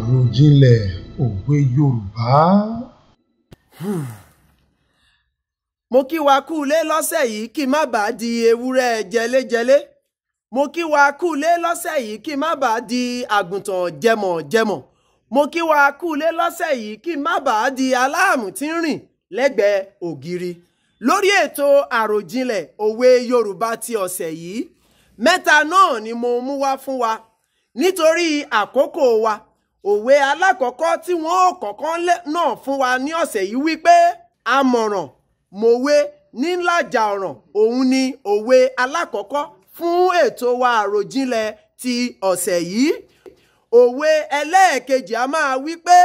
àròjinlẹ̀ òwe Yorùbá. mo kí wa kú ilé lọ́sẹ̀ yìí kí má bàa di ewúrẹ́ jẹlẹ́jẹlẹ́ mo kí wa kú ilé lọ́sẹ̀ yìí kí má bàa di àgùntàn jẹmọ̀jẹmọ̀ mo kí wa kú ilé lọ́sẹ̀ yìí kí má bàa di aláàmù tí ń rìn lẹ́gbẹ̀ẹ́ ògiri lórí ètò àròjinlẹ̀ òwe Yorùbá ti ọ̀sẹ̀ yìí mẹ́ta náà ni mo mú wá fún wa nítorí àkókò wa òwe alákọ̀ọ́kọ́ tí wọ́n kọ̀ọ̀kan náà fún wa ní ọ̀sẹ̀ yìí wípé àmọ̀ràn mòwe nílàjà ọ̀ràn òun ni òwe alákọ̀ọ́kọ́ fún ètò wa àròjinlẹ̀ ti ọ̀sẹ̀ yìí òwe ẹlẹ́ẹ̀kejì a máa wípé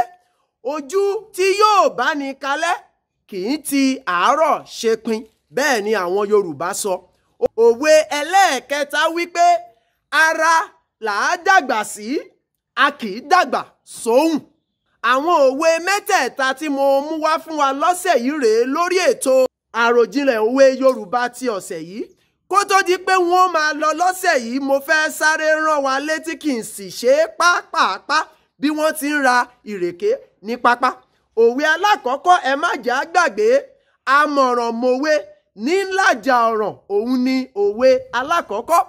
ojú tí yóò bá ní kalẹ́ kì í ti àárọ̀ ṣepin bẹ́ẹ̀ ni àwọn Yorùbá sọ òwe ẹlẹ́ẹ̀kẹta wípé ara làá dàgbà sí a kì í dàgbà sóhùn. àwọn òwe mẹ́tẹ̀ẹ̀ta tí mo mú wá fún wa lọ́sẹ̀ yìí rèé lórí ètò àròjinlẹ̀ òwe Yorùbá ti ọ̀sẹ̀ yìí kó tó di pé wọ́n máa lọ lọ́sẹ̀ yìí mo fẹ́ sáré rán wa létí kì í sì ṣe é pápápá bí wọ́n ti ń ra ìrèké ní pápá òwe alákọ̀ọ́kọ́ ẹ má jà á gbàgbé àmọ̀ràn mòwe nílàjà ọ̀ràn òun ni òwe alákọ̀ọ́kọ́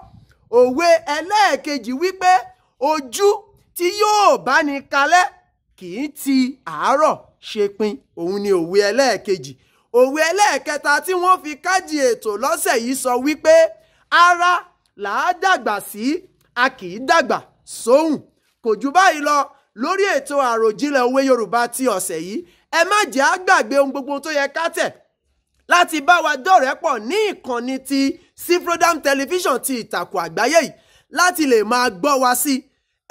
òwe ẹlẹ́ẹ̀kejì wípé ojú tí yóò bá ní kalẹ̀ kì í ti àárọ̀ ṣe pin òun ni òwe ẹlẹ́ẹ̀kejì òwe ẹlẹ́ẹ̀kẹta tí wọ́n fi kájí ètò lọ́sẹ̀ yìí sọ wípé ara là á dàgbà sí a kì í dàgbà sóhùn kò jù báyìí lọ lórí ètò àròjinlẹ̀ òwe Yorùbá ti ọ̀sẹ̀ yìí ẹ má jẹ́ á gbàgbé ohun gbogbo tó yẹ ká tẹ̀ láti bá wa dọ̀rẹ́ pọ̀ ní ìkànnì ti Cfrodram television ti ìtàkùn àgbáyé yìí láti lè máa gbọ́ wa sí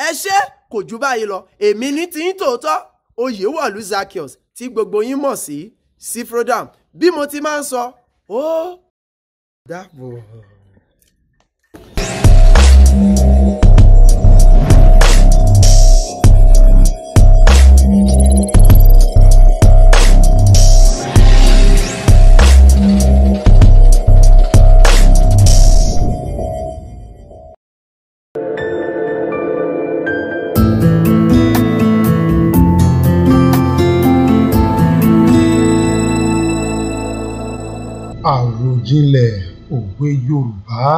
ẹ ṣé kò jù báyìí lọ èmi ní ti ń tòótọ́ Oyèwọ̀lú Zaccheaus tí gbogbo yín mọ̀ sí Cfrodram bí mo ti máa ń sọ ó dàbọ̀. Àròjinlẹ̀ òwe Yorùbá